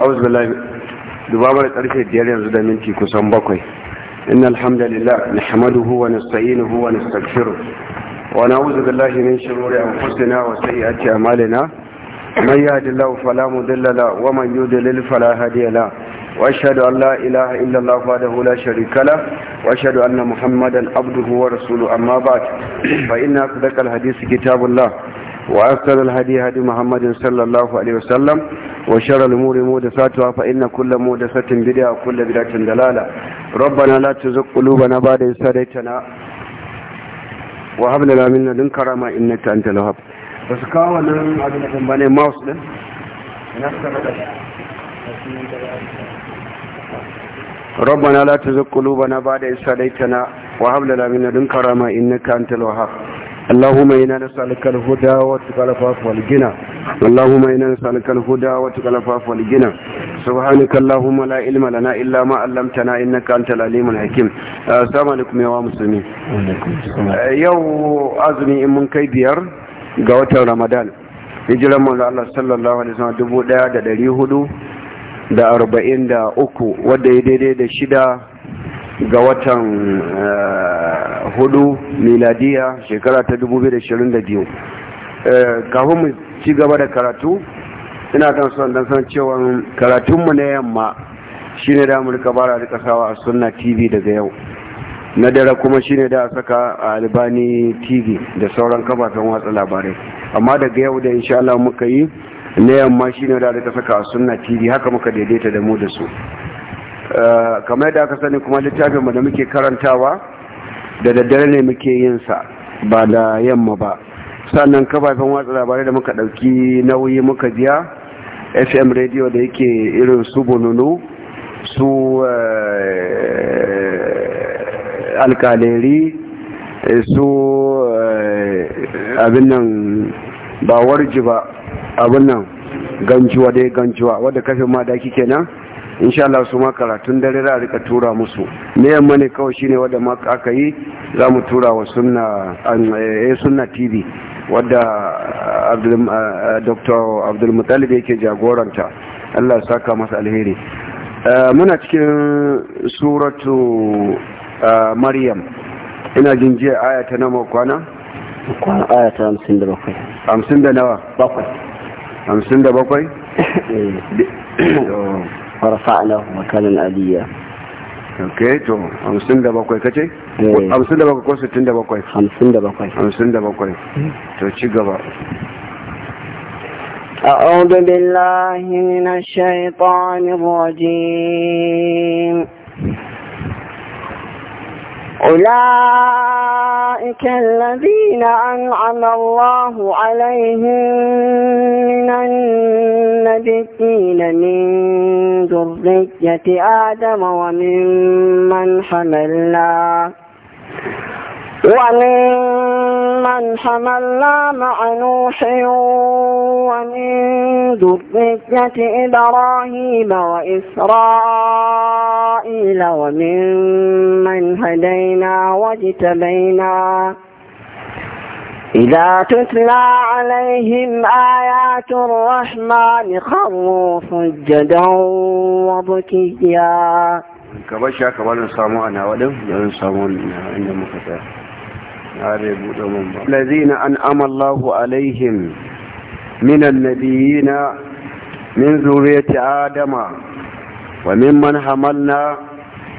أعوذ بالله دبابة أركي ديالي أنزد منتي كسان بقوي إن الحمد لله نحمده ونستعينه ونستغفره ونعوذ بالله من شرور أنفسنا وسيئات أعمالنا من يهد الله فلا مضل له ومن يضلل فلا هادي له واشهد ان لا اله الا الله وحده لا شريك له واشهد ان محمدا عبده ورسوله اما بعد فان اصدق الحديث كتاب الله واحسن الهدي هدي محمد صلى الله عليه وسلم وشر الأمور مودساتها فإن كل مودسة بدعة وكل بدعة دلالة ربنا لا تزغ قلوبنا بعد إذ هديتنا وهب لنا من لدنك رحمة إنك أنت الوهاب بس كاو نن عدنا بني ماوس ده ربنا لا تزغ قلوبنا بعد إذ هديتنا وهب لنا من لدنك رحمة إنك أنت الوهاب اللهم إنا نسألك الهدى واتقى العفاف والجنى اللهم إنا نسألك الهدى واتقى العفاف والجنى سبحانك اللهم لا علم لنا إلا ما علمتنا إنك أنت العليم الحكيم السلام عليكم يا مسلمين يو أزمي من كي بيار قوة رمضان hijiran manzo Allah sallallahu alaihi wasallam dubu ɗaya da ɗari hudu da arba'in da uku wadda ya daidai da shida ga watan eh, hudu miladiya shekara ta 2022 eh, kafin mu ci gaba da karatu ina kan son dan san cewa karatunmu na yamma shine da amurka bara da kasawa a sunna tv daga yau na dare kuma shine da saka a albani tv da sauran kafafen watsa labarai amma daga yau da insha Allah muka yi na yamma shine da rika saka a sunna tv haka muka daidaita da mu da su Eh, kamar da aka sani kuma littafin mu da muke karantawa da daddare ne muke yin sa ba da yamma ba sannan kafafen watsa labarai da muka dauki nauyi muka biya fm radio da yake irin su bununu su eh, alkaleri eh, su abin nan ba warji ba abin nan ganjuwa dai ganjuwa wadda kafin ma da daki kenan insha Allah su ma karatun dare za a rika tura musu ne yamma ne kawai shine wadda ma aka yi za mu tura wa sunna eh sunna TV wadda Dr. Eh, Abdul eh, mutalib yake jagoranta Allah saka masa alheri eh, muna cikin suratu Maryam ina jinjiya jiya aya ta nawa kwana kwana aya ta 57 50 da nawa da 57 farfa'na makanan aliyya ok to 57 kace? 57 eh. ko 67? 57 to ci gaba أعوذ بالله من الشيطان الرجيم أولئك الذين أنعم الله عليهم من النبيين من ذرية آدم وممن حملنا من حملنا مع نوح ومن ذرية إبراهيم وإسرائيل إسرائيل ومن من هدينا واجتبينا إذا تتلى عليهم آيات الرحمن خروا سجدا وبكيا الذين أنعم الله عليهم من النبيين من ذرية آدم وممن حملنا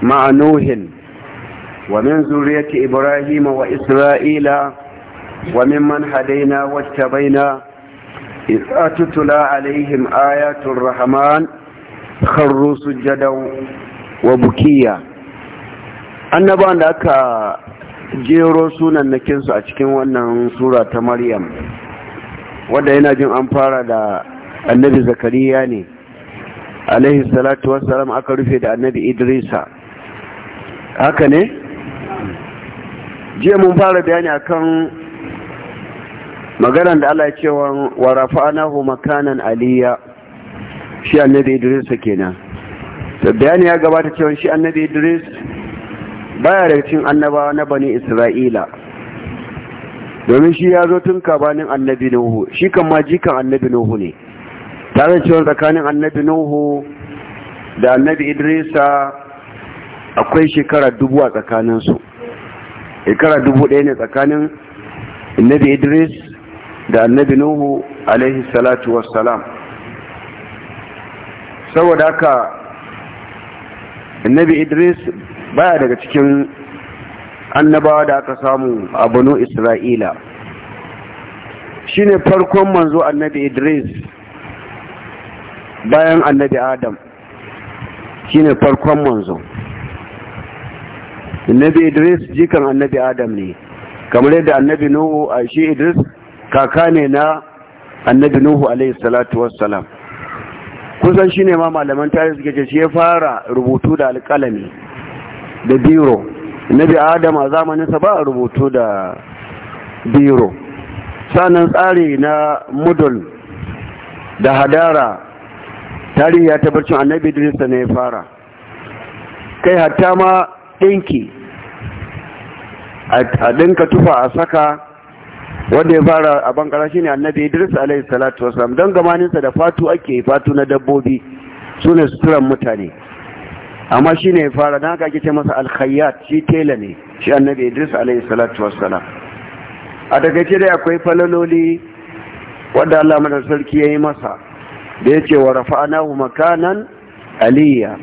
مع نوح ومن ذرية إبراهيم وإسرائيل وممن هدينا واجتبينا إذا تتلى عليهم آيات الرحمن خروا سجدا وبكيا annabawan da aka jero sunannakinsu a cikin wannan sura ta maryam Wanda yana jin an fara da annabi zakariya ne alaihi salatu wassalam aka rufe da annabi idrisa haka ne jiya mun fara bayani akan maganar da Allah ya ce wa rafa'anahu makanan aliya shi annabi idrisa kenan to bayani ya gabata cewa shi annabi idris baya da cin annaba na bani isra'ila domin shi ya zo tun kabanin annabi nuhu shi kan ma jikan annabi nuhu ne tare cewa tsakanin annabi nuhu da annabi idrisa akwai shekara dubu a tsakaninsu shekara dubu ɗaya ne tsakanin annabi idris da annabi nuhu alaihi salatu wassalam saboda haka annabi idris baya daga cikin annabawa da aka samu a banu isra'ila shine farkon manzo annabi idris bayan annabi adam shine farkon manzo annabi idris jikan annabi adam ne kamar yadda annabi nuhu a shi idris kaka ne na annabi nuhu alaihi salatu wassalam kusan shine ma malaman tarihi suke ce shi ya fara rubutu da alƙalami da biro annabi adam a zamaninsa ba a rubutu da biro sanan tsari na mudul da hadara tarihi ya tabbacin annabi idrisa ne ya fara kai hatta ma ɗinki a ɗinka tufa a saka wanda ya fara a bankara shi ne annabi idris alaihi salatu wasalam don gamaninsa da fatu ake fatu na dabbobi su ne suturan mutane amma shi ne ya fara na haka ce masa alkhayyat shi tela ne shi annabi idris alaihi salatu wasalam a takaice dai akwai falaloli wadda allah madar sarki ya yi masa da ya ce wa rafa'anahu makanan aliyya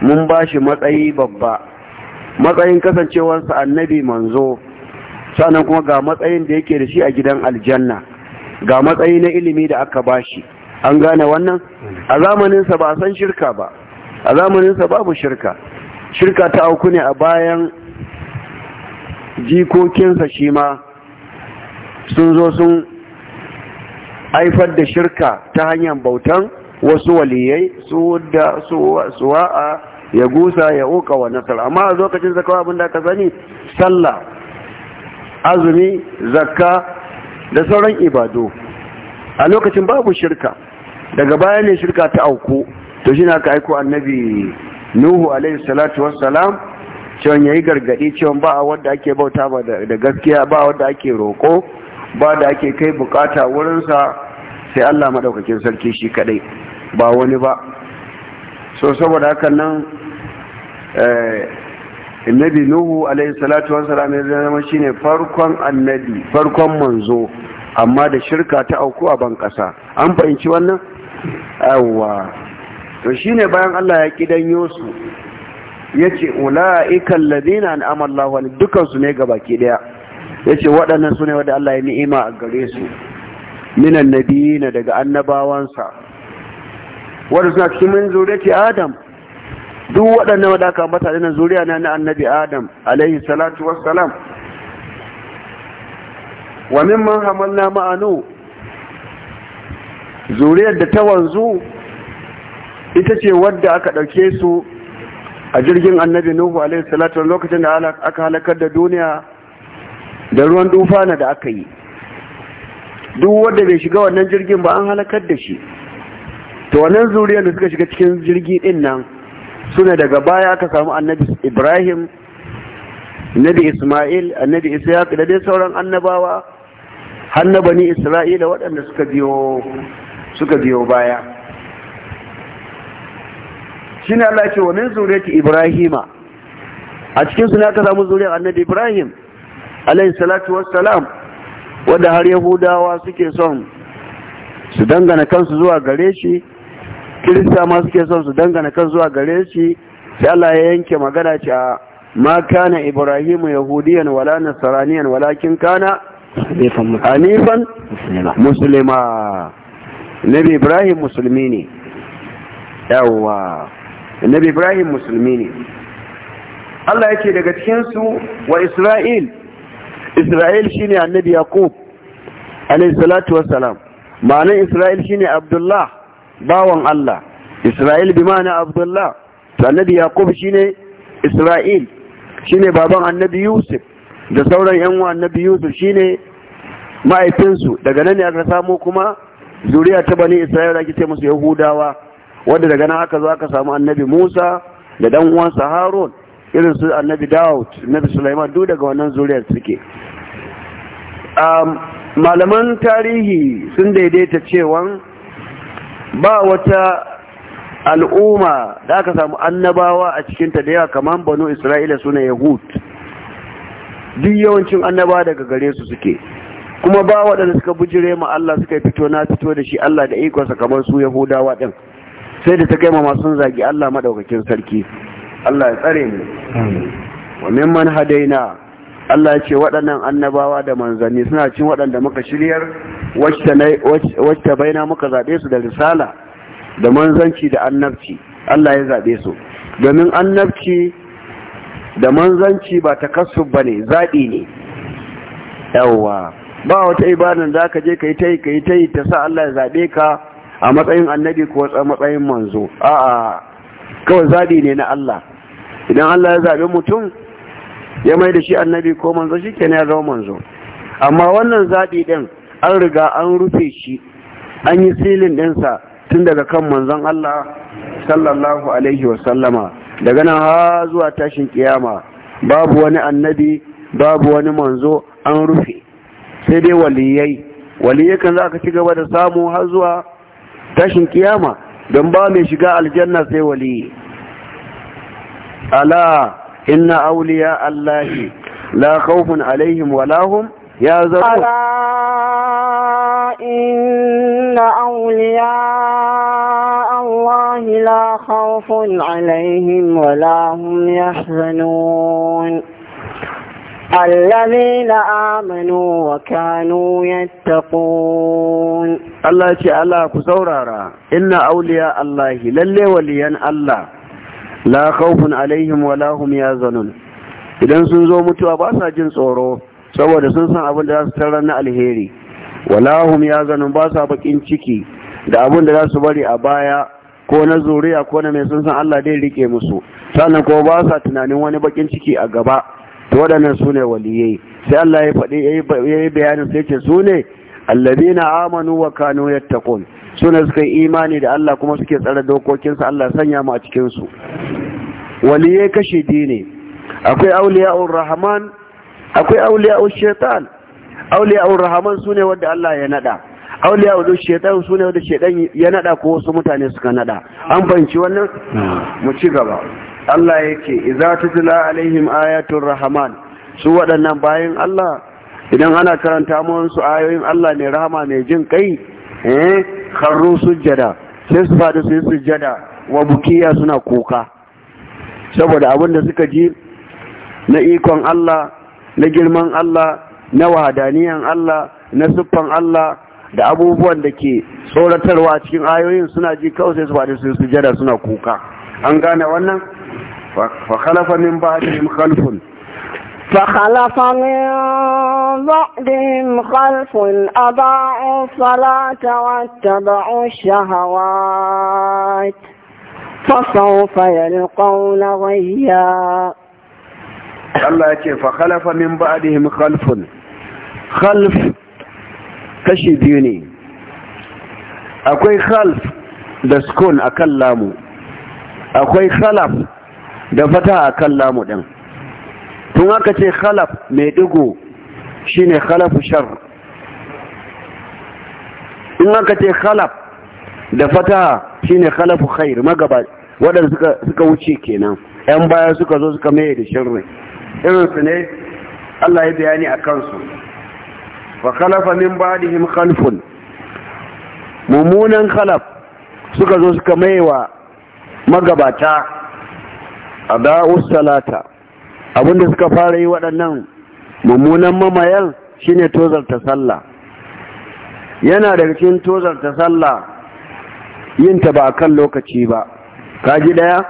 mun ba shi matsayi babba matsayin kasancewarsa annabi manzo sannan kuma ga matsayin da yake da shi a gidan aljanna ga matsayi na ilimi da aka ba shi an gane wannan a zamaninsa ba a san shirka ba a zamaninsa babu shirka shirka ta auku ne a bayan jikokinsa shi ma sun zo sun haifar da shirka ta hanyar bautan wasu waliyai su da suwa'a ya gusa ya uka wa nasar amma a lokacin zakawa abin da aka sani sallah azumi zakka da sauran ibado. a lokacin babu shirka daga baya ne shirka ta auku to shi na ka aiko annabi nuhu alaihi salatu wassalam cewa yi gargadi cewa ba a wanda ake bauta ba da gaskiya ba wanda ake roko ba da ake kai bukata wurinsa sai Allah madaukakin sarki shi kadai ba wani ba so saboda hakan nan eh, annabi nuhu alaihi salatu wassalam ya zama shine farkon annabi farkon manzo amma da shirka ta auku a ban kasa an fahimci wannan yawwa to shine bayan Allah ya kidanyo su yace ulaika alladhina an'ama Allahu alaihim dukan su ne gabaki daya yace waɗannan su ne wanda Allah ya ni'ima a gare su minan nabiyina daga annabawansa wanda suna cikin min zuriyati adam duk waɗannan wanda aka ambata da zuriya na annabi adam alaihi salatu wassalam wa mimman hamalna ma'anu zuriyar da ta wanzu ita ce wadda aka ɗauke su a jirgin annabi nuhu alaihi salatu lokacin da aka halakar da duniya da ruwan dufa na da aka yi duk wanda bai shiga wannan jirgin ba an halakar da shi to wannan zuriyar da suka shiga cikin jirgi din nan suna daga baya aka samu annabi ibrahim annabi isma'il annabi ishaq da dai sauran annabawa Bani isra'ila waɗanda suka biyo suka biyo baya ne Allah ce wa min zuriyati ibrahima a cikin suna aka samu zuriyar annabi ibrahim alayhi salatu wassalam wadda har yahudawa suke son su dangana kansu zuwa gare shi kirista ma suke son su dangana kansu zuwa gare shi sai Allah ya yanke magana ce ma kana ibrahimu yahudiyan wala nasraniyan walakin kana hanifan musulma nabi ibrahim musulmi ne yawwa nabi ibrahim musulmi ne Allah ya ce daga cikinsu wa isra'il isra'il shine annabi yaqub alayhi salatu wassalam ma'anar isra'il shine abdullah bawan allah isra'il bi ma'ana abdullah to annabi yaqub shine isra'il shine baban annabi yusuf da sauran yan uwa annabi yusuf shine ma'aifinsu daga nan ne aka samu kuma zuriya ta bani isra'il ake ce musu yahudawa wanda daga nan aka zo aka samu annabi musa da dan uwansa harun irin su annabi dawud annabi sulaiman duk daga wannan zuriyar suke malaman tarihi sun daidaita cewan, ba wata al'umma da aka samu annabawa a cikinta da yawa kamar banu isra'ila suna yahud duk yawancin annaba daga gare su suke kuma ba waɗanda suka bujire ma Allah suka fito na fito da shi Allah da ikonsa kamar su yahudawa ɗin sai da ta kai ma masu zagi Allah maɗaukakin sarki Allah ya tsare mu wa mimman hadaina Allah ya ce waɗannan annabawa da manzanni suna cin waɗanda muka shiryar wacce baina muka zaɓe su da risala da manzanci da annabci Allah ya zaɓe su domin annabci da manzanci ba kasu ba ne zaɓi ne yawwa ba wata ibanin da ka je ka yi ta yi ka yi ta yi ta sa Allah ya zaɓe ka a matsayin annabi ko a matsayin manzo a'a kawai zaɓi ne na Allah idan Allah ya zaɓi mutum ya mai da shi annabi ko manzo shi kenan ya zama manzo amma wannan zaɓi ɗin an riga an rufe shi an yi silin ɗinsa tun daga kan manzon Allah sallallahu alaihi wasallama daga nan ha zuwa tashin kiyama babu wani annabi babu wani manzo an rufe sai dai waliyai waliyai kan za ka ci gaba da samu har zuwa tashin kiyama don ba mai shiga aljanna sai waliyi ألا إن أولياء الله لا خوف عليهم ولا هم يحزنون ألا إن أولياء الله لا خوف عليهم ولا هم يحزنون الذين آمنوا وكانوا يتقون الله تعالى كسورارا إن أولياء الله للي وليا الله la khawfun alaihim wa hum yazanun idan sun zo mutuwa ba sa jin tsoro saboda sun san abin da za su tarar na alheri wa ya yazanun ba sa bakin ciki da abin da za su bari a baya ko na zuriya ko na mai sun san Allah dai rike musu sannan ko ba sa tunanin wani bakin ciki a gaba to waɗannan su ne waliyai sai Allah ya faɗi yayi yi bayanin sai ce su ne amanu wa kanu yattaqun su ne suka yi imani da Allah kuma suke tsare dokokinsa Allah sanya mu a cikinsu waliyai kashe dine akwai auliya'ur rahman akwai auliya'ur shaitan auliya'ur rahman su ne wanda Allah ya nada auliya'ur shaitan su ne wanda shaitan ya nada ko wasu mutane suka nada an banci wannan mu ci gaba Allah yake idza tutla alaihim ayatul rahman su waɗannan bayan Allah idan ana karanta musu ayoyin Allah mai rahama mai jin kai eh kharru sujjada sai su fadi su yi sujjada wa bukiya suna kuka saboda abin da suka ji na ikon Allah na girman Allah na wahadaniyan Allah na siffan Allah da abubuwan da ke tsoratarwa cikin ayoyin suna ji kawai sai su fadi su yi sujjada suna kuka an gane wannan fa khalafa min ba'dihim khalfun فخلف من بعدهم خلف أضاعوا الصلاة واتبعوا الشهوات فسوف يلقون غيا Allah ya ce fa khalafa min ba'dihim khalfun khalf kashi biyu ne akwai khalf da sukun akan lamu akwai khalaf da fata akan lamu ɗin. tun aka ce khalaf mai digo shine khalafu shar in aka ce khalaf da fataha shine khalafu khair magaba waɗanda suka suka wuce kenan yan baya suka zo suka mai da shirri Irinsu ne Allah ya bayani a kansu wa khalafa min ba'dihim khalfun mummunan khalaf suka zo suka mai wa magabata a da'ussalata abinda suka fara yi waɗannan mummunan mamayan shine tozarta sallah yana daga cikin tozarta sallah yin ta ba kan lokaci ba kaji daya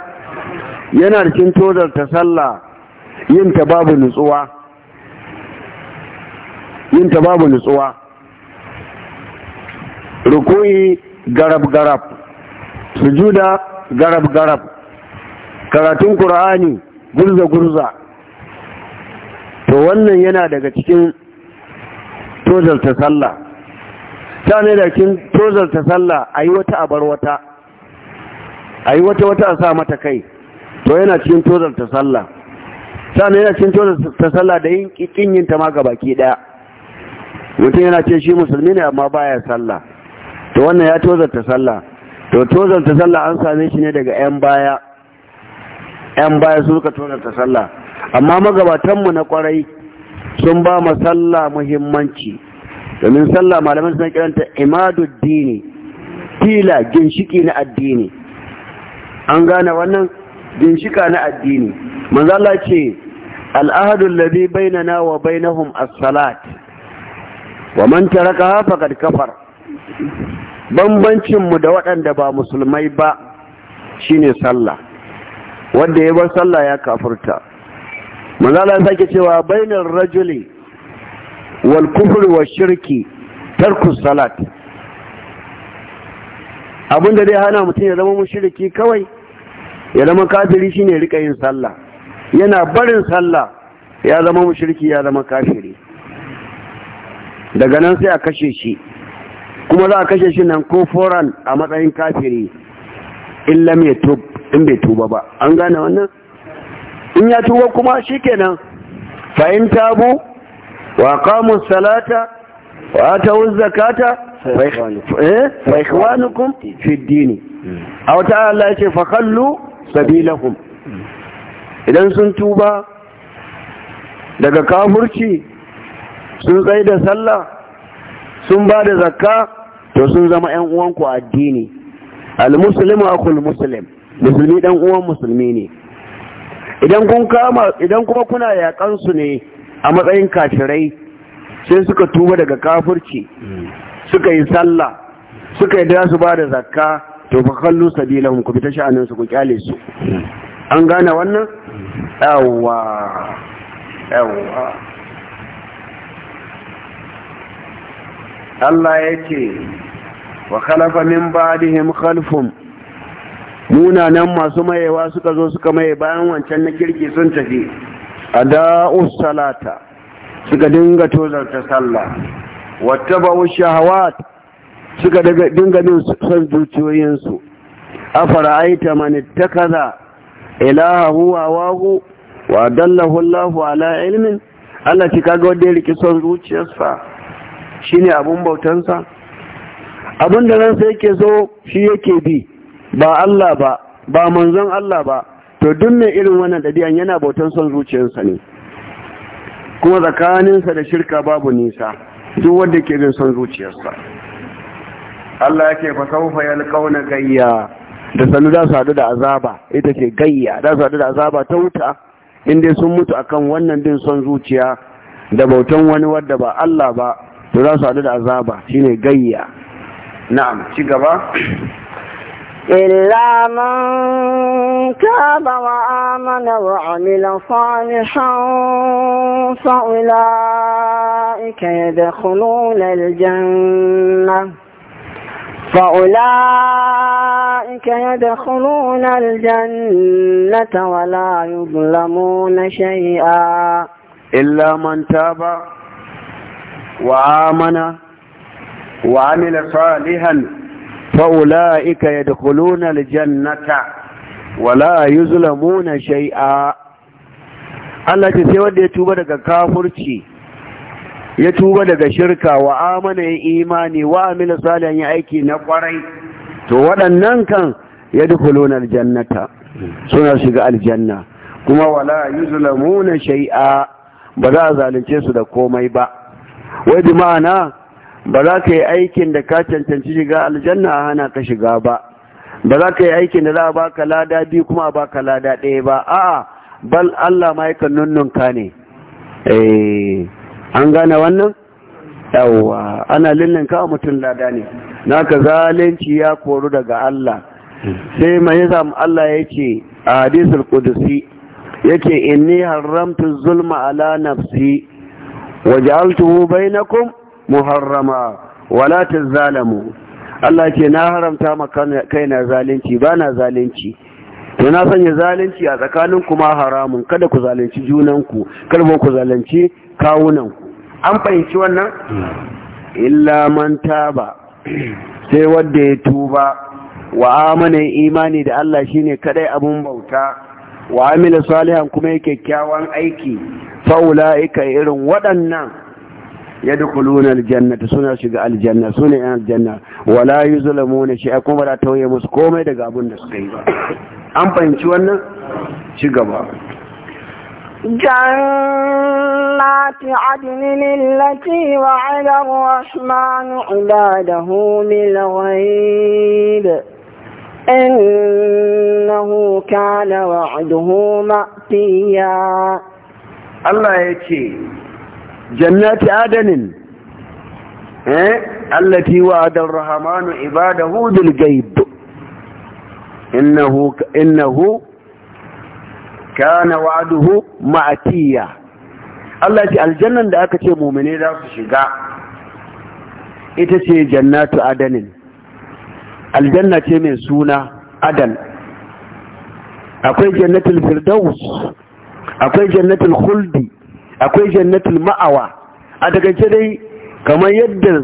yana da cikin tozarta sallah yin ta babu nutsuwa yin ta babu nutsuwa rukui garab garab sujuda garab garab karatun qur'ani gurza gurza to wannan yana daga cikin tozarta sallah ta ne da cikin tozarta sallah a yi wata a bar wata a yi wata wata a sa mata kai to yana cikin tozarta sallah ta ne da cikin tozarta sallah da yin kikin yin ta ma baki daya mutum yana ce shi musulmi ne amma baya sallah to wannan ya tozarta sallah to tozarta sallah an same shi ne daga 'yan baya 'yan baya su suka tozarta sallah amma magabatanmu na kwarai sun ba mu sallah muhimmanci domin sallah malaman suna kiranta imaduddini tila ginshiki na addini an gane wannan ginshika na addini manzala al'adun ce al'ahadul ladhi bainana wa bainahum as-salat wa man tarakaha faqad kafar bambancin mu da waɗanda ba musulmai ba shine sallah wanda ya bar sallah ya kafurta manzala ta ke cewa bainar rajuli wal kufur wa shirki tarku salat abin da dai hana mutum ya zama mushriki kawai ya zama kafiri shine rika yin sallah yana barin sallah ya zama mushriki ya zama kafiri daga nan sai a kashe shi kuma za a kashe shi nan ko foran a matsayin kafiri in lam tub in bai tuba ba an gane wannan in ya tuba kuma shikenan fa in tabu wa qamu salata wa atu zakata fa eh, ikhwanukum fi din aw ya ce fa khallu sabilahum idan sun tuba daga kafurci sun tsaye da sallah sun ba da zakka to sun zama ‘yan uwanku addini al-muslimu akul muslim musulmi ɗan uwan musulmi ne idan kun kama idan kuma kuna yakan su ne a matsayin kafirai sai suka tuba daga kafirci suka yi sallah suka yi da su ba da zakka to fa kallu sabilahum ku bi ta sha'anin su ku kyale su an gane wannan yawwa yawwa Allah ya ce wa khalafa min ba'dihim khalfum munanan masu mayewa suka zo suka maye bayan wancan na kirki sun tafi a da'us salata suka dinga tozarta sallah wata ba'u shahawat suka dinga bin son zuciyoyinsu a fara'aita mani ta kaza ilaha huwa wahu wa dallahu allahu ala ilmin allah ci kaga wanda ya riki son zuciyarsa shine abun bautansa abin da ransa yake so shi yake bi ba Allah ba ba manzon Allah ba to duk mai irin wannan ɗabi'an yana bautan son zuciyarsa ne kuma tsakaninsa da shirka babu nisa duk wanda ke bin son zuciyarsa Allah ya yake fa ya alƙauna gayya da sanu za su haɗu da azaba ita ce gayya za su haɗu da azaba ta wuta in dai sun mutu a kan wannan din son zuciya da bautan wani wadda ba Allah ba to za su haɗu da azaba shine gayya na'am ci gaba إلا من تاب وآمن وعمل صالحا فأولئك يدخلون الجنة فأولئك يدخلون الجنة ولا يظلمون شيئا إلا من تاب وآمن وعمل صالحا فأولئك يدخلون الجنة ولا يظلمون شيئا Allah ce sai wanda ya tuba daga kafurci ya tuba daga shirka wa amana ya imani wa amila salihan ya aiki na kwarai to waɗannan kan ya dukuluna aljannata suna shiga aljanna kuma wala yuzlamuna shay'a ba za a zalunce su da komai ba wai bi ma'ana ba za ka yi aikin da ka cancanci shiga aljanna a hana ka shiga ba ba za ka yi aikin da za a baka lada biyu kuma a ka lada ɗaya ba a'a bal Allah ma kan nunnun ka ne eh an gane wannan yawwa ana lullunka a mutum lada ne Na naka zalunci ya koru daga Allah sai mai yasa Allah ya ce a hadisul qudusi yake inni haramtu zulma ala nafsi waj'altuhu bainakum muharrama wala tazalamu Allah ce na haramta ma kaina zalunci ba na zalunci to na sanya zalunci a tsakanin ma haramun kada ku zalunci junanku kada ku zalunci kawunanku an fahimci wannan illa man taba sai wanda ya tuba wa amana imani da Allah shine kadai abun bauta wa amila salihan kuma yake kyakkyawan aiki fa ulaika irin waɗannan yadkhuluna aljannata suna shiga aljanna suna yan aljanna wala yuzlamuna shay'a kuma da tauye musu komai daga abin da suka yi ba an fahimci wannan shi gaba جنات عدن التي الرحمن عباده إنه كان وعده مأتيا الله jannati adanin eh allati wa'ada ar-rahmanu ibadahu bil ghaib innahu innahu kana wa'duhu ma'tiya Allah ce aljannan da aka ce mu'mine za su shiga ita ce jannatu adanin aljanna ce mai suna adan akwai jannatul firdaus akwai jannatul khuldi akwai jannatul ma'awa a takaice dai kamar yadda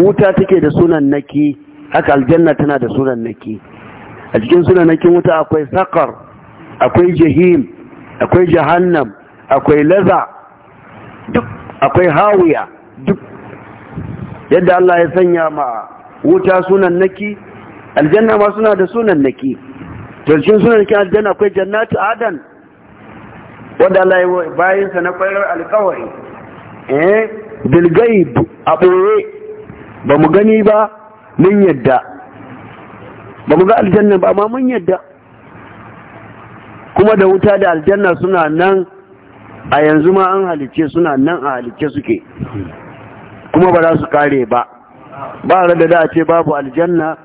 wuta take da sunan naki haka aljanna tana da sunan naki a cikin sunan nakin wuta akwai sakar akwai jahim akwai jahannam akwai laza duk akwai hawiya duk yadda Allah ya sanya ma wuta sunan naki aljanna ma suna da sunan naki to cikin sunan nakin aljanna akwai jannatu adan wanda Allah ya yi bayansa na kwarar alkawari eh bilgaib a ɓoye ba mu gani ba mun yadda ba mu ga aljanna ba amma mun yadda kuma da wuta da aljanna suna nan a yanzu ma an halice suna nan a halice suke kuma ba za su kare ba ba da da a ce babu aljanna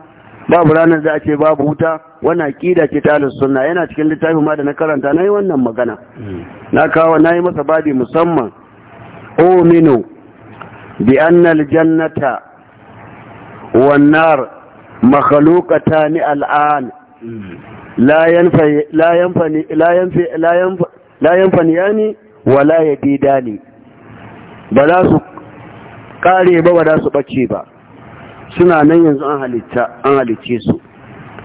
babu ranar da ake babu wuta wannan aqida ce ta sunna yana cikin littafin ma da na karanta nayi wannan magana na kawo nayi masa babi musamman uminu bi anna aljannata wan nar makhluqatan al'an Layan yanfa la yanfani la wala yadidani ba za su kare ba ba za su bace ba suna nan yanzu an halitta an halice su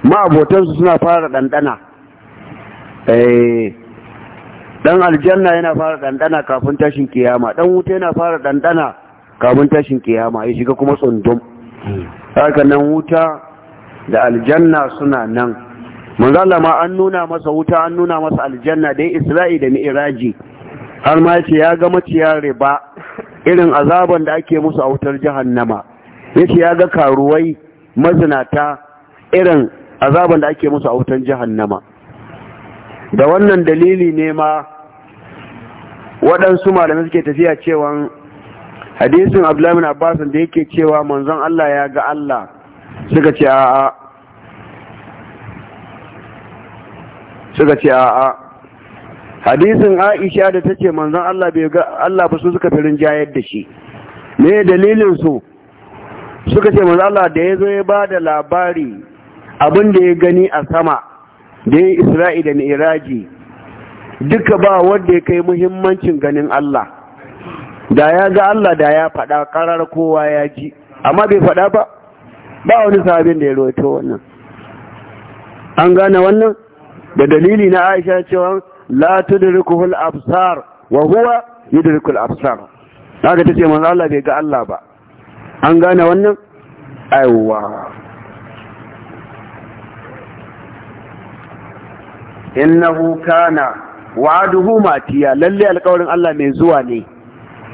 ma'abotansu suna fara ɗanɗana eh, ɗan aljanna yana fara ɗanɗana kafin tashin kiyama ɗan wuta yana fara ɗanɗana kafin tashin kiyama ya shiga kuma tsundum haka nan wuta da aljanna suna nan Allah ma an nuna masa wuta an nuna masa aljanna dai isra'i da mi'raji har ma ya ce ya ga maciya riba irin azaban da ake musu a wutar jahannama yake ya ga karuwai mazinata irin azaban da ake musu a wutan jahannama da wannan dalili ne ma waɗansu malamai suke tafiya cewa hadisin abdullahi bin abbas da yake cewa manzon Allah ya ga Allah suka ce a'a suka ce a'a hadisin Aisha da tace manzon Allah bai ga Allah ba su suka firin jayar da shi me dalilin su suka ce manzo Allah da zo ya bada labari abin da ya gani a sama da ya Isra'ila da Iraji, duka ba wanda ya kai muhimmancin ganin Allah da ya ga Allah da ya faɗa karar kowa ya ji amma bai faɗa ba ba wani sabin da ya roto wannan an gane wannan da dalili na Aisha cewa la tudrikuhul absar wa huwa yudrikul absar haka tace manzo Allah bai ga Allah ba an gane wannan aiwa innahu kana wa'aduhu matiya lalle alƙawarin Allah mai zuwa ne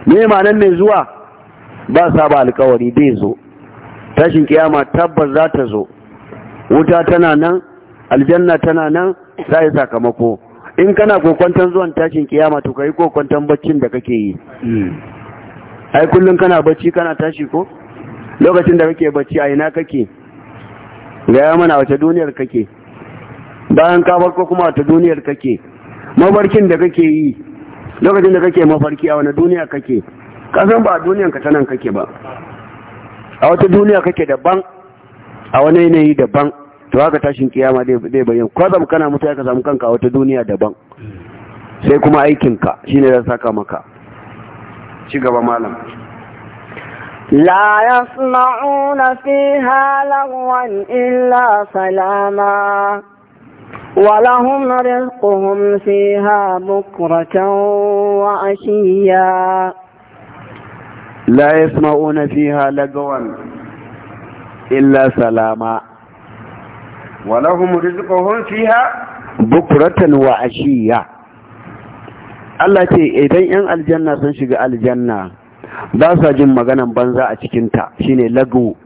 me nan mai zuwa ba sa ba alƙawari bai zo tashin kiyama tabbas za ta zo wuta tana nan aljanna tana nan za a yi sakamako in kana kokwanton zuwan tashin kiyama to ka yi kokwanton baccin da kake yi hmm. ai kullum kana bacci kana tashi ko lokacin da kake bacci a ina kake gaya mana wace duniyar kake bayan ka farko kuma wata duniyar kake mafarkin da kake yi lokacin da kake mafarki a wani duniya kake kasan ba a duniyan ka ta nan kake ba a wata duniya kake daban a wani yanayi daban to haka tashin kiyama zai bayyana kwazam kana mutu ya ka samu kanka a wata duniya daban sai kuma aikinka shine zai saka maka ci gaba malam لا يسمعون فيها لغوا إلا سلاما ولهم رزقهم فيها بكرة وعشيا لا يسمعون فيها لغوا إلا سلاما ولهم رزقهم فيها بكرة وعشيا Allah ce idan ‘yan aljanna sun shiga aljanna ba sa jin maganan banza a cikinta shine lagu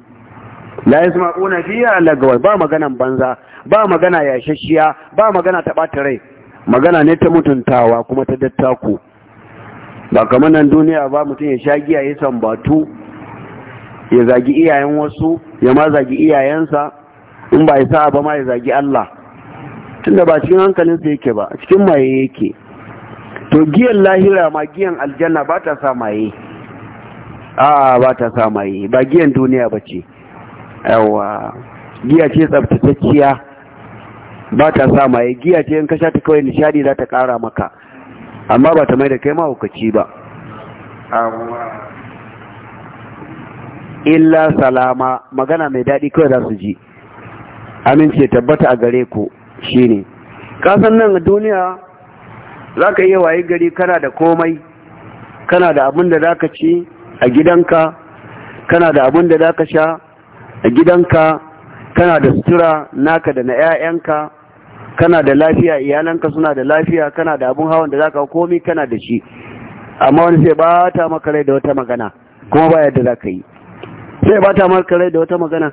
la yasma'una fiya lagwa ba maganan banza ba magana yashashiya ba magana ta bata rai magana ne ta mutuntawa kuma ta dattako ba kamar nan duniya ba mutum ya sha giya ya sambatu ya zagi iyayen wasu ya ma zagi iyayensa in ba ya sa ba ma ya zagi Allah tunda ba cikin hankalinsa yake ba cikin maye yake to giyan lahira ma giyan aljanna ba ta sa maye a ba ta sa yi, ba giyan duniya ba ce yawa giya ce tsabtatacciya ba ta sa maye giya ce in ka sha ta kawai nishadi za ta kara maka amma ba ta mai da kai mahaukaci ba illa salama magana mai daɗi kawai za su ji amince tabbata a gare ku shine kasan nan duniya za ka iya waye gari kana da komai kana da abin da za ka ci a gidanka kana da abin da zaka sha a gidanka kana da sutura naka da na 'ya'yanka kana da lafiya iyalanka suna da lafiya kana da abin hawan da zaka komi kana da shi amma wani sai ba ta maka rai da wata magana kuma ba yadda zaka yi sai ba ta maka rai da wata magana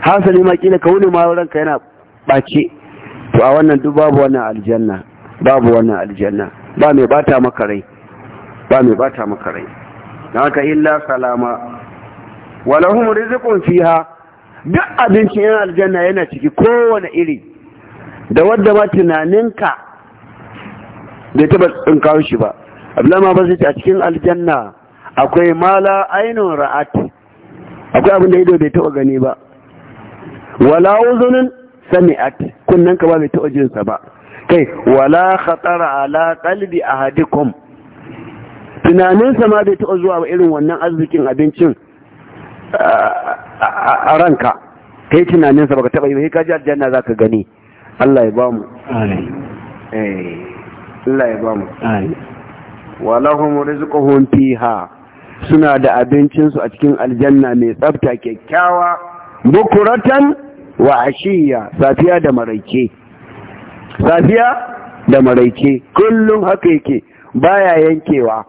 hasali ma kila ka wuni ma ranka yana ɓace to a wannan duk babu wannan aljanna babu wannan aljanna ba mai bata maka rai ba mai bata maka rai haka illa salama walahum rizqun fiha duk abincin yan aljanna yana ciki kowane iri da wadda ba tunaninka bai taba kawo shi ba abdullama ba zai a cikin aljanna akwai mala ainihin ra'at akwai abin da ido bai taba gani ba wala uzunin sami'at kunnanka ka ba bai taba jinsa ba kai wala khatara ala qalbi ahadikum tunaninsa ma bai taɓa zuwa wa irin wannan arzikin abincin a ranka kai tunaninsa baka taɓa yi ba ka ji aljanna za ka gani Allah ya ba mu eh, Allah ya ba mu walahum rizquhum fiha suna da abincinsu a cikin aljanna mai tsafta kyakkyawa bukuratan wa ashiya safiya da maraice safiya da maraice kullum haka yake baya yankewa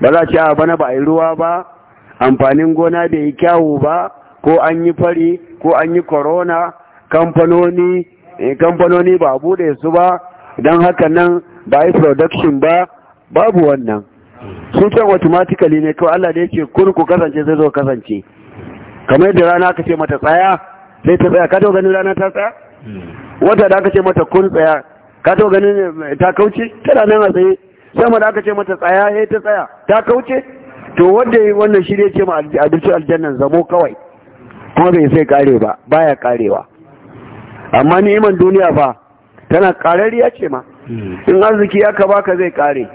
ba za ce a bana ba a yi ruwa ba amfanin gona bai yi kyawu ba ko an yi fari ko an yi korona kamfanoni eh, kamfanoni ba bude su ba don haka nan ba yi production ba babu wannan su can automatically ne kawai Allah da yake kun ku kasance zai zo kasance kamar yadda rana aka ce mata tsaya sai ta tsaya ka to ganin rana ta tsaya hmm. wata da aka ce mata kun tsaya ka to ganin eh, ta kauce tana nan a tsaye sama da aka ce mata tsaya ya ta tsaya ta kauce to wanda wannan shirya ce ma adalci aljannan zamo kawai kuma bai sai kare ba baya karewa amma ni'iman duniya fa tana karariya ce ma hmm. in arziki aka baka zai kare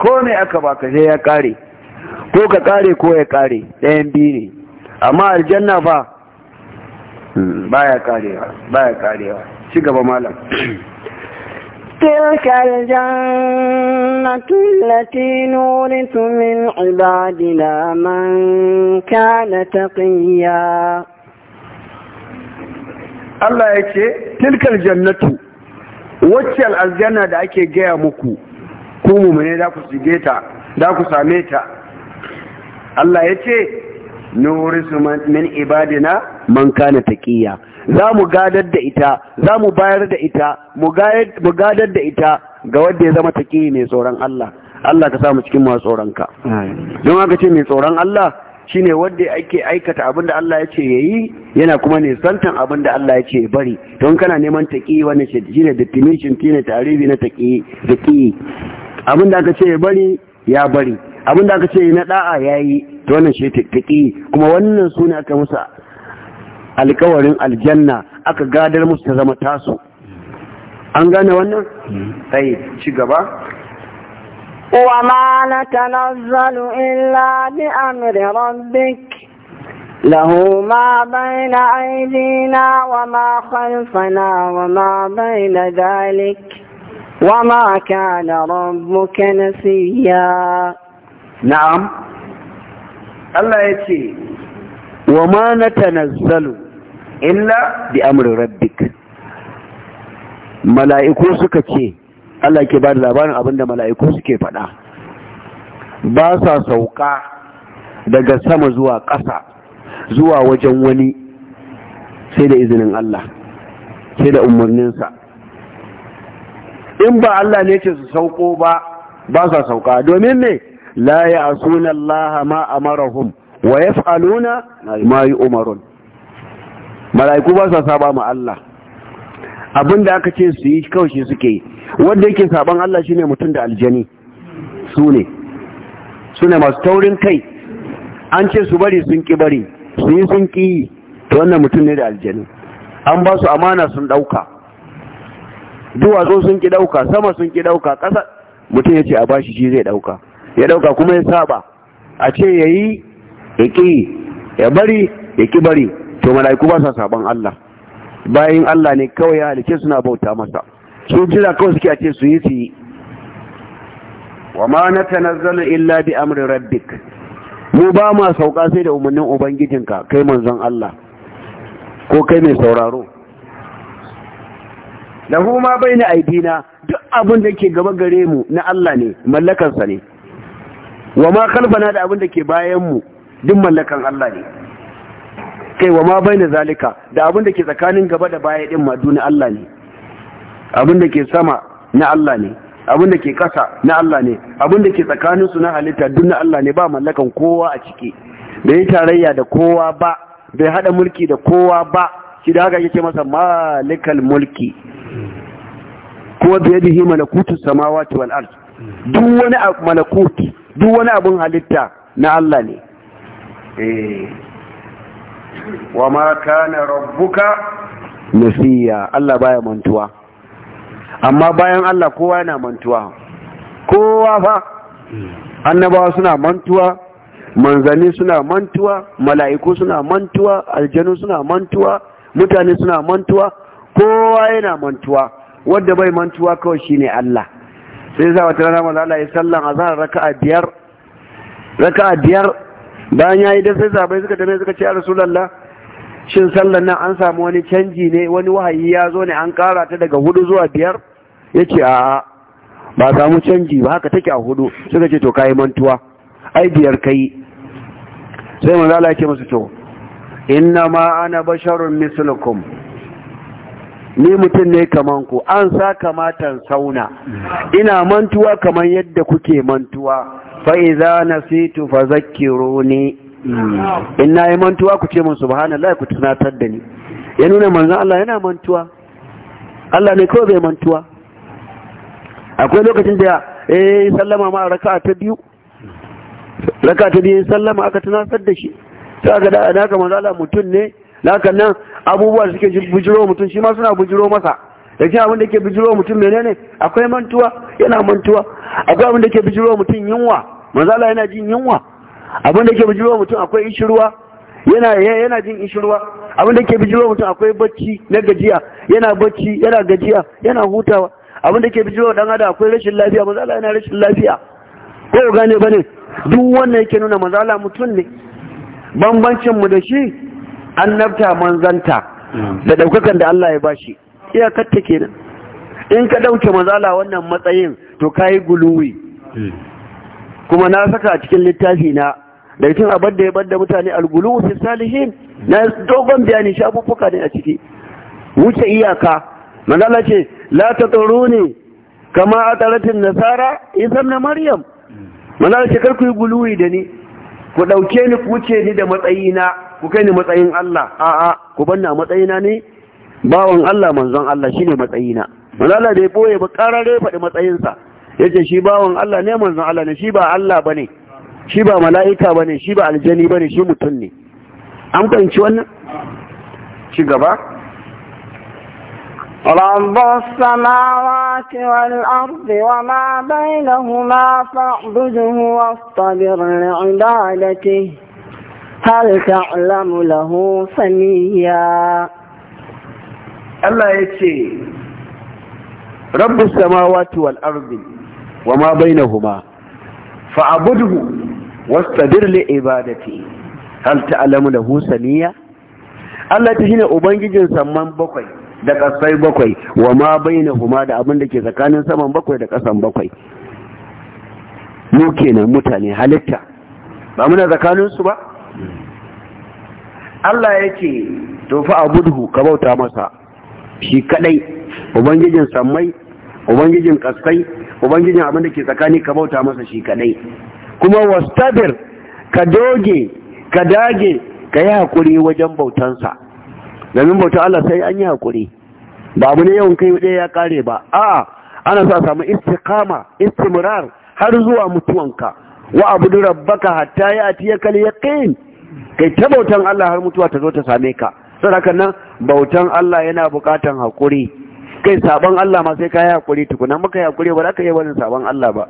ko ne aka baka sai ya kare ko ka kare ko ya kare ɗayan biyu ne amma aljanna fa hmm, baya karewa baya karewa ci gaba malam تلك الجنة التي نورث من عبادنا من كان تقيا Allah ya ce, Tilkar jannatu, wacce aljanna da ake gaya muku, ku mummune da ku da ku same ta. Allah ya ce, Nuri min ibadina man kana taƙiyya. za mu gadar da ita za mu bayar da ita mu gadar da ita ga wanda ya zama taƙi mai tsoron Allah Allah ka samu cikin masu tsoronka don haka ce mai tsoron Allah shine wanda ake aikata abin da Allah ya ce ya yi yana kuma ne santan abin da Allah ya ce bari don kana neman taƙi wannan shi ne definition shi tarihi na taƙi abin da aka ce bari ya bari abin da aka ce na da'a ya to wannan shi taƙi kuma wannan suna aka musa alkawarin aljanna aka gadar musu ta zama tasu. an gane wannan sai ci gaba wa ma natanazzalu illa bi amri rabbik lahu ma bayna aydina wa ma khalfana wa ma bayna dhalik wa ma kana rabbuka nasiya na'am Allah ya ce wa ma natanazzalu illa bi amrin rabbik mala'iku suka ce Allah ke ba da labarin abinda mala'iku suke faɗa ba sa sauka daga sama zuwa ƙasa zuwa wajen wani sai da izinin Allah sai da umarninsa in ba Allah ne ce su sauko ba ba sa sauka domin ne la ya asuna Allah ma amarahum wa yaf'aluna ma yu'marun mala'iku ba sa saba ma Allah abin da aka ce su yi kawai shi suke yi wanda yake saban Allah shine mutum da aljani su ne su ne masu taurin kai an ce su bari sun ki bari su yi sun ki yi wannan mutum ne da aljani an ba su amana sun ɗauka duwatsu sun ki ɗauka sama sun ki ɗauka ƙasa mutum ya ce a bashi shi zai ɗauka ya ɗauka kuma ya saba a ce ya yi ya ki ya bari ya ki bari to mala'iku ba sa saban Allah bayan Allah ne kawai ya halice suna bauta masa su jira kawai suke a ce su yi su yi wa ma na tanazzalu illa bi amri rabbik mu ba ma sauka sai da umarnin ubangijinka kai manzon Allah ko kai mai sauraro lahu ma baina aidina duk abin da ke gaba gare mu na Allah ne mallakansa ne wa ma kalfana da abin da ke bayan mu duk mallakan Allah ne kai wa ma na zalika da abin da ke tsakanin gaba da baya ɗin ma duna Allah ne abin da ke sama na Allah ne abin da ke ƙasa na Allah ne abin da ke tsakanin su na halitta duna Allah ne ba mallakan kowa a ciki bai tarayya da kowa ba bai hada mulki da kowa ba shi da haka yake masa malikal mulki ko da yadihi malakutu samawati wal ard duk wani malakuti duk wani abun halitta na Allah ne eh wa ma kana rabbuka nasiya Allah baya mantuwa amma bayan Allah kowa yana mantuwa kowa fa annabawa suna mantuwa manzanni suna mantuwa mala'iku suna mantuwa aljanu suna mantuwa mutane suna mantuwa kowa yana mantuwa wanda bai mantuwa kawai shine Allah sai za wata rana manzo Allah sallar sallan azhar raka'a biyar raka'a biyar bayan ya yi da sai sabai suka tambaye suka ce a rasulallah shin sallar nan an samu wani canji ne wani wahayi ya zo ne an ƙara ta daga hudu zuwa biyar ya ce a ba samu canji ba haka take a hudu suka ce to kayi mantuwa ai biyar kai sai mu zala ce musu to inna ma ana basharun mislukum ni mutum ne kaman ku an sa kamatan sauna ina mantuwa kaman yadda kuke mantuwa fa'iza na fito fa zakiro ne in na yi mantuwa ku ce mun subhanallah ku tunatar da ni ya nuna manzan Allah yana mantuwa Allah ne kawai bai mantuwa akwai lokacin da eh sallama ma raka ta biyu raka ta biyu sallama aka tunatar da shi sai aka da aka manzan Allah mutum ne lakan nan abubuwa suke bujiro mutum shi ma suna bujiro masa da ji abin da ke bijiro mutum menene akwai mantuwa yana mantuwa akwai abin da ke bijiro mutum yunwa manzala yana jin yunwa abin da ke bijiro mutum akwai ishirwa yana yana jin ishirwa abin da ke bijiro mutum akwai bacci na gajiya yana bacci yana gajiya yana hutawa abin da ke bijiro dan adam akwai rashin lafiya manzala yana rashin lafiya ko gane bane duk wannan yake nuna manzala mutum ne bambancin mu da shi annabta manzanta da daukakan da Allah ya bashi iyakarta kenan in ka ɗauke mazala wannan matsayin to ka yi guluwi hmm. kuma na saka a cikin littafi na da cikin abin da ya banda mutane algulu fi salihin na dogon bayani shafuffuka ne a ciki wuce iyaka mazala ce la ta tsoro ne kama a taratin nasara isa na maryam hmm. mazala ce kar kuyi yi guluwi da ni ku ɗauke ni ku wuce ni da matsayina ku kai ni matsayin allah a'a ku banna matsayina ne bawan Allah manzon Allah shine matsayina manzon Allah ya boye ba karare faɗi matsayinsa yace shi bawan Allah ne manzon Allah ne shi ba Allah bane shi ba mala'ika bane shi ba aljani bane shi mutum ne an fahimci wannan ci gaba رب السماوات والأرض وما بينهما فاعبده واصطبر لعبادته هل تعلم له سميا Allah ya ce rabbis samawati wal ardi wa ma bai na bainahuma fa'budhu wasta li ibadati hal ta'lamu da husaniya. Allah ta shine ubangijin saman bakwai da ƙasai bakwai wa ma bai na huma da abin da ke tsakanin saman bakwai da ƙasan bakwai mu kenan mutane halitta ba muna tsakanin su ba hmm. Allah ya ce to fa ka bauta masa shi kadai ubangijin sammai ubangijin kaskai ubangijin abin da ke tsakani ka bauta masa shi kadai kuma wastabir ka doge ka dage ka yi hakuri wajen bautansa domin bautan Allah sai an yi hakuri ba abu ne yawan kai ɗaya ya kare ba a'a ana sa samu istiqama istimrar har zuwa mutuwanka wa abudu rabbaka hatta ya'tiyakal yaqin kai ta bautan Allah har mutuwa ta zo ta same ka sadaka nan bautan Allah yana bukatan hakuri kai saban Allah ma sai ka yi hakuri tukuna muka yi hakuri ba za ka yi wani saban Allah ba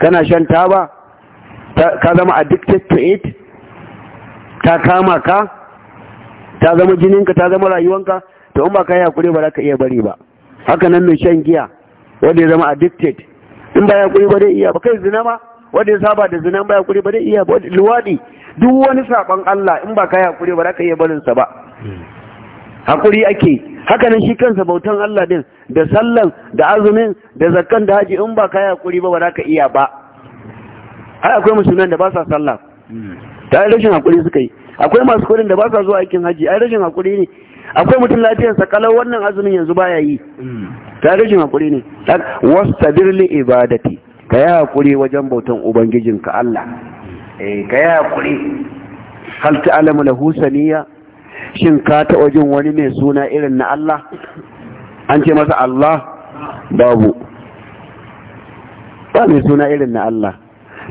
kana shan taba ka zama addicted to it ta kama ka ta zama jinin ka, ta zama rayuwanka to in ba ka yi hakuri ba za ka iya bari ba haka nan mai shan giya wanda ya zama addicted in ba ya hakuri ba zai iya ba kai zina ma wanda ya saba da zina ba ya hakuri ba zai iya ba luwadi duk wani saban Allah in ba ka yi hakuri ba za ka iya barinsa ba hakuri ake hakanan shi kansa bautan Allah din da sallan da azumin da zakkan da haji in ba ka yi hakuri ba ba za ka iya ba ai akwai musulman da ba sa sallah ta rashin hakuri suka yi akwai masu kudin da ba sa zuwa aikin haji ai rashin hakuri ne akwai mutum sa, kalau wannan azumin yanzu baya yi ta rashin hakuri ne wastabir li ibadati ka yi hakuri wajen bautan ubangijinka Allah eh ka yi hakuri hal ta'lamu lahu saniya shin ka taɓa jin wani mai suna irin na Allah an ce masa Allah babu ba mai suna irin na Allah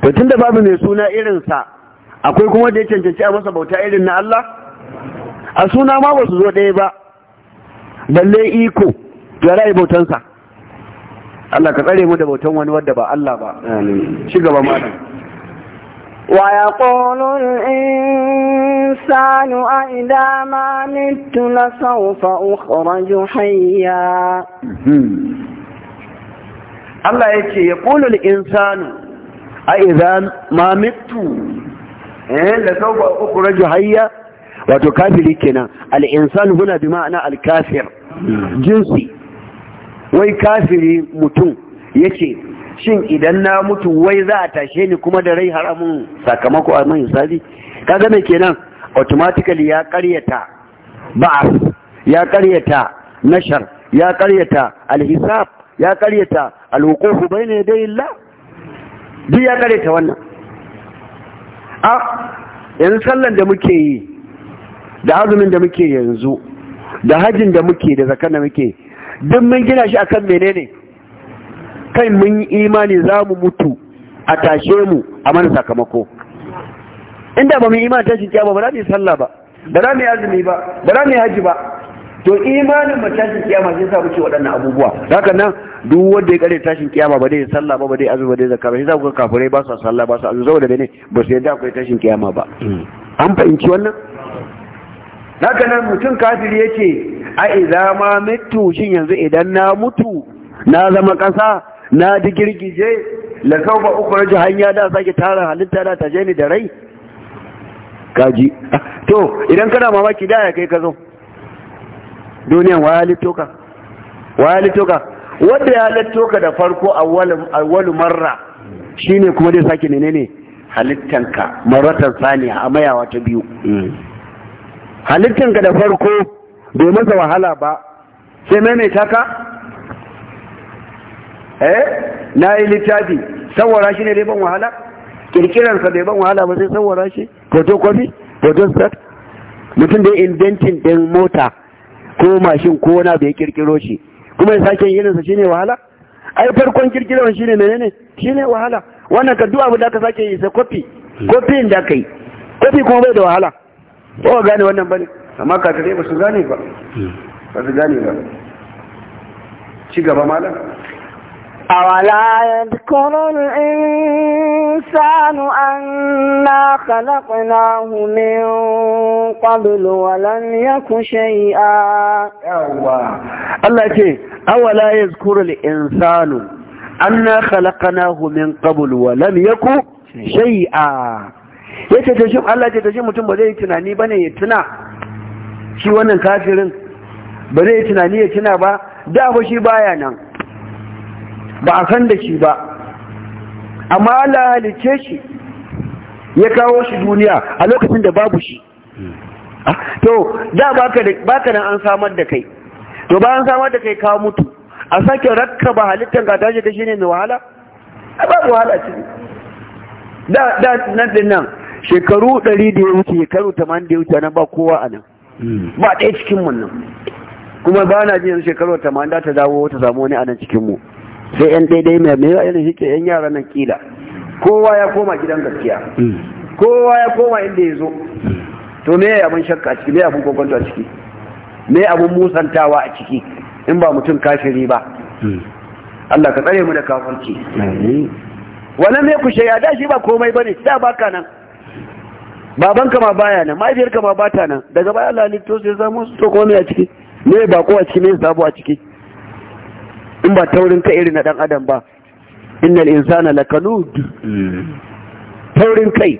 to tunda babu mai suna irinsa akwai kuma da ya cancanci a masa bauta irin na Allah a suna ma ba su zo ɗaya ba balle iko ya ra'ayi bautansa Allah ka tsare mu da bautan wani wadda ba Allah ba shiga ba malam ويقول الإنسان أئذا ما مت لسوف أخرج حيا الله يكي يقول الإنسان أئذا ما مت إيه، لسوف أخرج حيا wato kafiri الإنسان هنا بمعنى الكافر جنسي al متو يكي shin idan na mutu wai za a tashe ni kuma da rai haramun sakamako a man Ka kaga me kenan automatically ya karyata ba'as ya karyata nashar ya karyata alhisab ya karyata alwuqufu bayna yaday Allah duk ya karyata wannan a yanzu sallan da muke yi da azumin da muke yanzu da hajjin da muke da zakar da muke duk mun gina shi akan menene kai mun yi imani za mu mutu a tashe mu a mana sakamako inda ba mu yi imani tashin kiyama ba za mu yi sallah ba da za mu yi azumi ba da za mu yi haji ba to imanin mu tashin kiyama sai sa mu ce waɗannan abubuwa haka nan duk wanda ya kare tashin kiyama ba dai sallah ba ba dai azumi ba dai zakka ba sai za ku ga kafirai ba su sallah ba su azumi saboda ne ba su yarda akwai tashin kiyama ba an fahimci wannan haka nan mutum kafiri ya ce a idan ma mutu shin yanzu idan na mutu na zama ƙasa na ji girgije ba uku ukhraju hanya da sake tara halitta da taje ni da rai kaji to idan kana mamaki da ya kai ka zo duniyan wa halitto ka wa halitto ka wanda ya halitto ka da farko a walu marra shine kuma dai sake ne halittanka maratan saniya a mayawa ta biyu mm. halittanka da farko bai masa wahala ba sai maimaita ka eh na yi littafi sawara shi ne dai ban wahala kirkiransa bai ban wahala ba sai sawara shi photocopy photostat mutum da inventin din mota ko mashin ko wani bai kirkiro shi kuma ya sake sa shine wahala ai farkon kirkirar shine menene shine wahala wannan ka abu da ka sake yi sai kofi kofin da kai kofi kuma bai da wahala ko gane wannan bane amma ka tare ba su gane ba hmm. ba su gane ba ci gaba malam أولا يذكر الإنسان أنا خلقناه من قبل ولم يكن شيئا الله يكي أولا يذكر الإنسان أنا خلقناه من قبل ولم يكن شيئا yace ta shi Allah ce ta shi mutum ba zai tunani bane ya tuna shi wannan kafirin ba zai tunani ya tuna ba da fa shi baya nan ba a san da shi ba amma Allah halice shi ya kawo shi duniya a lokacin da babu shi ah, to da baka da baka nan an samar da kai to ba an samar da kai ka mutu a sake ba halittar ga daji ta shine mai wahala a babu wahala ce da da nan din nan shekaru 100 da ya wuce shekaru 80 da ya wuce nan ba kowa a nan hmm. ba ɗaya cikin mun nan kuma ba na jin shekaru 80 da ta dawo ta samu wani a nan cikin mu sai yan daidai mai mai irin shi ke yan yara nan kila kowa ya koma gidan gaskiya hmm. kowa ya koma inda ya zo hmm. to me ya abin shakka a ciki me abin kokonto a ciki me abin musantawa a ciki in ba mutum kafiri ba hmm. Allah ka tsare mu da kafirci wannan me ku shaya da shi ba komai bane da baka nan babanka ma baya nan mahaifiyarka ma bata nan daga baya Allah ne to sai zamu to komai a ciki me ba ko a ciki me sabo a ciki in ba taurin kai irin na dan adam ba innal insana lakanud taurin kai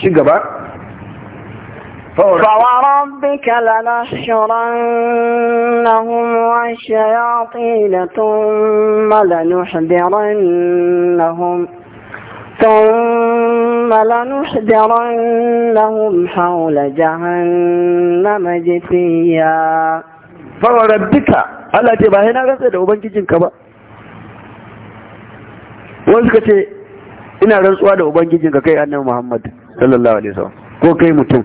ci gaba فوربك لنحشرنهم والشياطين ثم لنحضرنهم ثم لنحضرنهم حول جهنم جثيا fawarar duka Allah ce ba ya na rantsa da ubangijinka ba wani suka ce ina rantsuwa da ubangijinka kai annabi Muhammad sallallahu alaihi wasallam ko kai mutum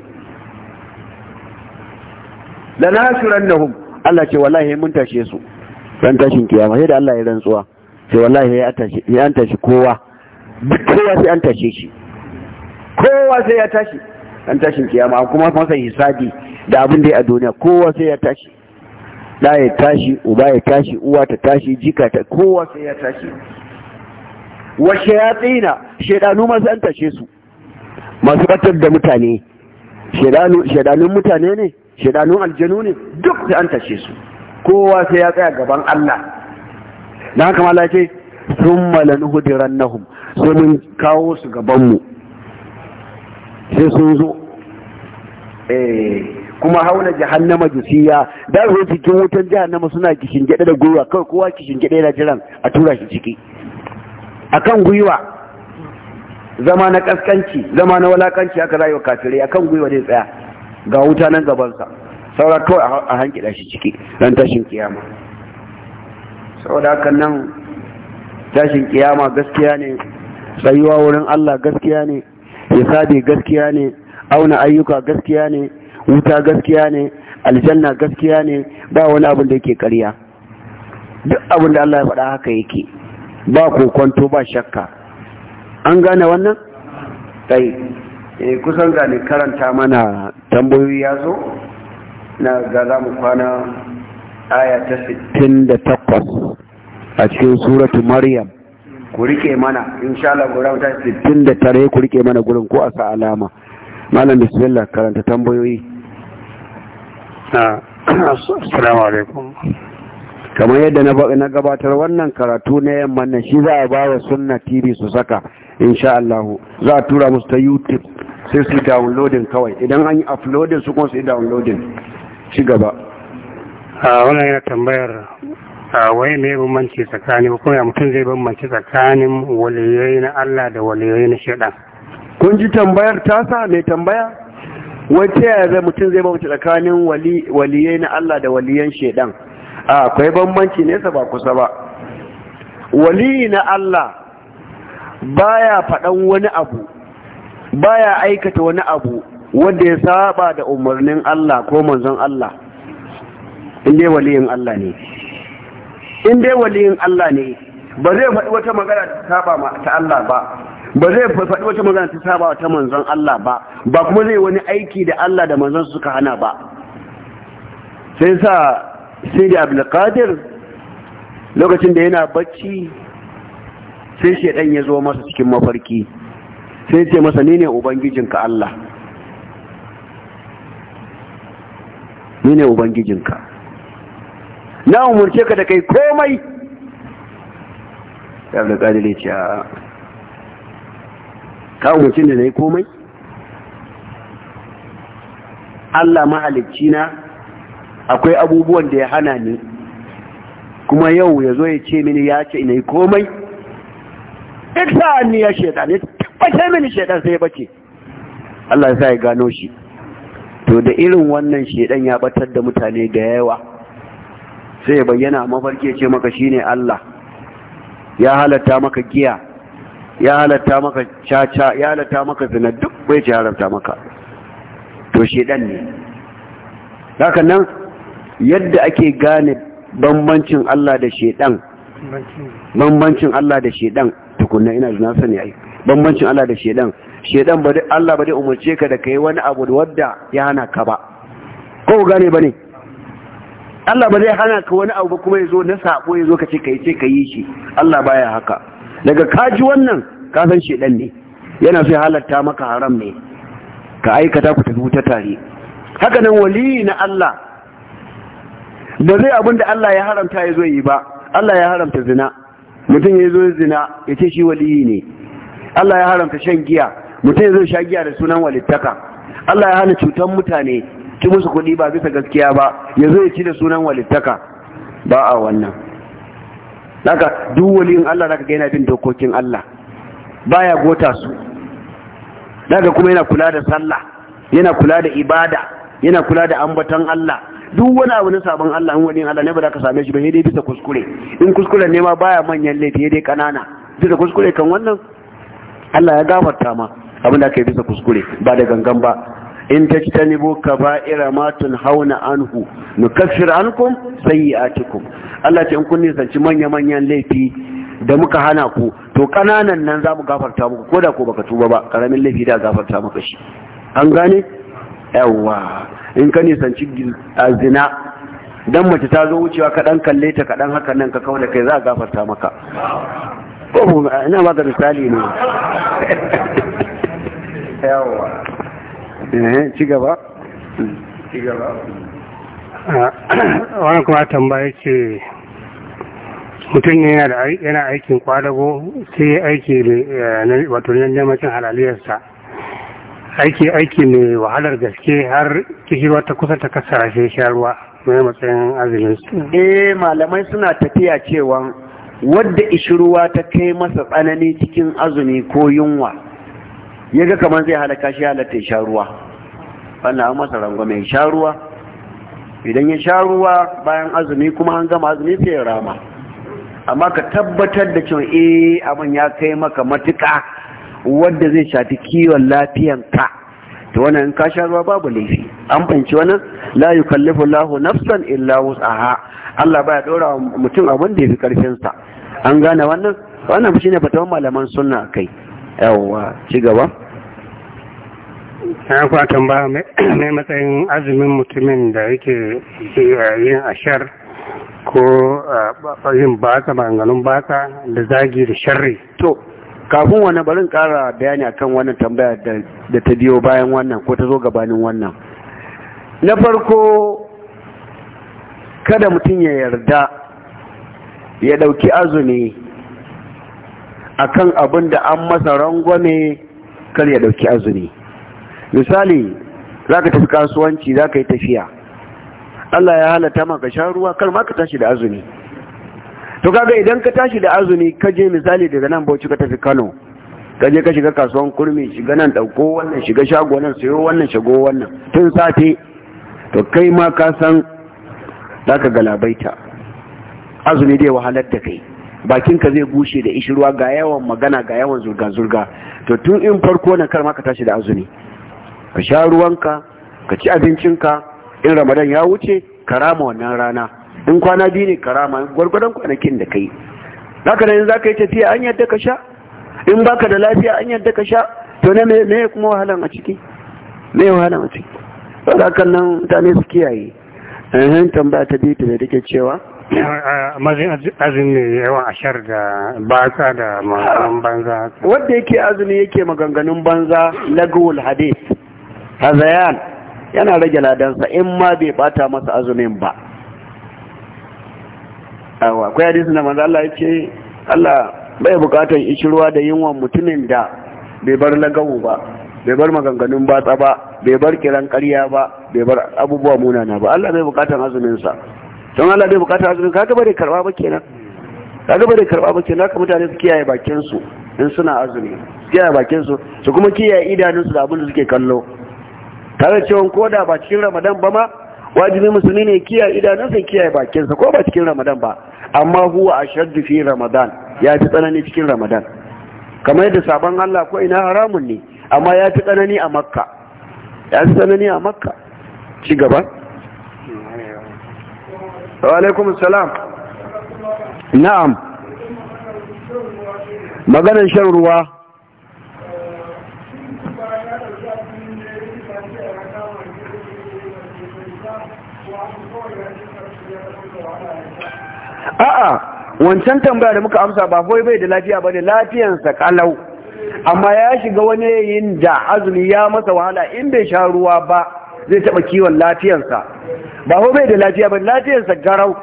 la nasirannahum Allah ce wallahi mun tashe su ran tashin kiyama sai da Allah ya rantsuwa sai wallahi ya tashi ya an tashi kowa kowa sai an tashe shi kowa sai ya tashi an tashin kiyama kuma masa hisabi da abin da ya a duniya kowa sai ya tashi da ya tashi uba ya tashi uwa ta tashi jika ta kowa sai ya tashi wa shayatina shedanu ma an tashe su masu batar da mutane shedanun mutane ne shedanun aljanu ne duk sai an tashe su kowa sai ya tsaya gaban Allah dan haka mala ce thumma lanuhdirannahum sai mun kawo su gaban mu sai sun zo eh kuma hauna jahannama jusiya da su cikin wutan jahannama suna kishin gida da gwiwa kawai kowa kishin gida yana jiran a tura shi ciki akan gwiwa zama na kaskanci zama na walakanci aka rayuwa kafirai akan gwiwa zai tsaya ga wuta nan gaban sa. saura kawai a hankida shi ciki ran tashin kiyama saboda hakan nan tashin kiyama gaskiya ne tsayuwa wurin Allah gaskiya ne hisabi gaskiya ne auna ayyuka gaskiya ne wuta gaskiya ne aljanna gaskiya ne ba wani abin da yake ƙarya duk abin da Allah ya faɗa haka yake ba kokonto ba shakka an gane wannan kai eh, kusan ne karanta mana tambayoyi ya zo na ga za mu kwana aya ta 68 a cikin suratu maryam ku rike mana insha Allah gura ta 69 ku rike mana gurin ko a sa alama malam bismillah karanta tambayoyi assalamu alaikum kamar yadda na gabatar wannan karatu na yamma na shi za a ba wa sunna tv su saka insha Allah za a tura musu ta youtube sai su downloading kawai idan an yi uploading su kuma su yi downloading shi gaba a wannan yana tambayar a wai mai bambanci tsakanin ko ya mutum zai bambanci tsakanin waliyoyi na Allah da waliyoyi na shaidan kun ji tambayar tasa mai tambaya wai ta yaya zai mutum zai bambanta tsakanin waliyai na Allah da waliyan shaidan, akwai bambanci nesa ba kusa ba waliyi na Allah baya faɗan wani abu baya aikata wani abu wanda ya saba da umarnin Allah ko manzon Allah inda waliyin Allah ne inda waliyin Allah ne ba zai faɗi wata magana ta saba ta Allah ba ba zai faɗi wata magana ta saba ta manzon Allah ba ba kuma zai wani aiki da Allah da manzon suka hana ba sai sa sai da abdulkadir lokacin da yana bacci sai shaidan ya zo masa cikin mafarki sai ce masa ni ne ubangijinka Allah ni ne ubangijinka na umarce ka da kai komai da abdulkadir ya ce ka umarci da na yi komai Allah mahalicci na akwai abubuwan da ya hana ni kuma yau ya zo ya ce mini ya ce ina yi komai duk sa'an ni ya shaitan ya tabbace mini shaitan sai ya bace Allah ya sa ya gano shi to da irin wannan shaitan ya batar da mutane da yawa sai ya bayyana mafarki ya ce maka shine Allah ya halatta maka giya ya halatta maka caca ya halatta maka zina duk bai ce halatta maka to shedan ne haka nan yadda ake gane bambancin Allah da shedan bambancin Allah da shedan tukunna ina zina sani ai bambancin Allah da shedan shedan ba Allah ba dai umurce ka da kai wani abu wadda ya hana ka ba ko gane bane Allah ba zai hana ka wani abu kuma yazo na sabo yazo ka ce kai ce kai shi Allah baya haka daga kaji wannan kasan shedan ne yana so ya halatta maka haram ne ka aikata ku tafi wuta tare haka nan wali na Allah ba zai abin da Allah ya haramta ya zo yi ba Allah ya haramta zina mutum ya zo zina ya ce shi waliyi ne Allah ya haramta shan giya mutum ya zo sha giya da sunan walittaka Allah ya hana cutar mutane ki musu kuɗi ba bisa gaskiya ba ya zo ya ci da sunan walittaka ba a wannan haka duk in Allah zaka ga yana bin dokokin Allah baya gota su daga kuma yana kula da sallah yana kula da ibada yana kula da ambaton Allah duk wani abu na sabon Allah in wani Allah ne ba za ka same shi ba dai bisa kuskure in kuskuren ne ma baya manyan laifi dai kanana bisa kuskure kan wannan Allah ya gafarta ma abin da aka yi bisa kuskure ba da gangan ba in ta ci ba ira matun hauna anhu nukaffir ankum cikin Allah ce in kun nisanci manya manyan laifi da muka hana ku to kananan nan za mu gafarta muku ko da ko baka tuba ba karamin laifi da gafarta muka shi an gane yawa in ka nisanci zina dan mace ta zo wucewa ka dan kalle ta ka dan haka nan ka kawo da kai za a gafarta maka ko ina misali ne yawa Eh, ci gaba ah, wani kuma tambaya ce mutum ne yana aikin kwadago sai aiki eh, wato neman cin halaliyarsa aiki aiki mai wahalar gaske har kishirwa ta kusa ta kasara sai sharuwa mai matsayin azumin eh malamai suna tafiya cewa wadda ishiruwa ta kai masa tsanani cikin azumi ko yunwa ya ga kamar zai halaka shi halatta ya sha ruwa wannan an masa rangwame ya sha ruwa idan ya sha ruwa bayan azumi kuma an gama azumi sai ya rama amma ka tabbatar da cewa eh abin ya kai maka matuka wanda zai shafi kiwon lafiyan ka to wannan in ka sha ruwa babu laifi an fahimci wannan la yukallifu Allahu nafsan illa wus'aha Allah baya dora mutum abin da ya fi karfin sa an gane wannan wannan shine fatawan malaman sunna kai yawwa ci gaba ya kuwa tambaya mai matsayin azumin mutumin da yake yin ashar ko yin baka maganganun baka da zagi da sharri to kafin wani barin kara bayani akan wannan tambaya da ta biyo bayan wannan ko ta zo gabanin wannan na farko kada mutum ya yarda ya dauki azumi akan abin da an masa rangwame kar ya dauki azumi misali za ka tafi kasuwanci za ka yi tafiya Allah ya halatta maka sha ruwa kar ma ka tashi da azumi to kaga idan ka tashi da azumi ka je misali daga nan Bauchi ka tafi Kano ka je ka shiga kasuwan kurmi shiga nan dauko wannan shiga shago nan sayo wannan shago wannan tun safe to kai ma ka san zaka galabaita azumi dai wahalar da kai bakinka zai bushe da ishirwa ga yawan magana ga yawan zurga-zurga to tun in farko na karma ka tashi da azumi ka sha ruwanka ka ci abincinka in ramadan ya wuce ka rama wannan rana in kwana biyu ne ka rama gwargwadon kwanakin da kai zaka da in ka yi tafiya an yadda ka sha in baka da lafiya an yadda ka sha to ne me kuma wahalan a ciki me wahalan a ciki za hakan nan mutane su kiyaye tambaya ta biyu da take cewa azumi yawan ashar da baka da maganganun banza wanda yake azumi yake maganganun banza lagwul hadith hazayan yana rage ladansa in ma bai bata masa azumin ba akwai hadisi na maza, Allah ce Allah bai bukatar ishirwa da yinwan mutumin da bai bar lagawu ba bai bar maganganun batsa ba bai bar kiran karya ba bai bar abubuwa munana ba Allah bai bukatar azuminsa. sa don Allah bai bukata azumin kaga bare karba ba kenan kaga bare karba ba kenan haka mutane su kiyaye bakin su in suna azumi su kiyaye bakin su su kuma kiyaye idanun su da abin da suke kallo tare cewa ko da ba cikin Ramadan ba ma wajibi musulmi ne kiyaye idanun sa kiyaye bakin sa ko ba cikin Ramadan ba amma huwa ashaddu fi Ramadan ya fi tsanani cikin Ramadan kamar yadda sabon Allah ko ina haramun ne amma ya fi tsanani a Makka ya fi tsanani a Makka ci gaba wa alaikum salam na'am maganar shan ruwa a'a wancan tambaya da muka amsa ba kawai bai da lafiya ba ne lafiyansa kalau amma ya shiga wani yayin da azumi ya masa wahala in bai sha ruwa ba zai taba kiwon lafiyansa. ba ho bai da lafiya ba lafiyarsa garau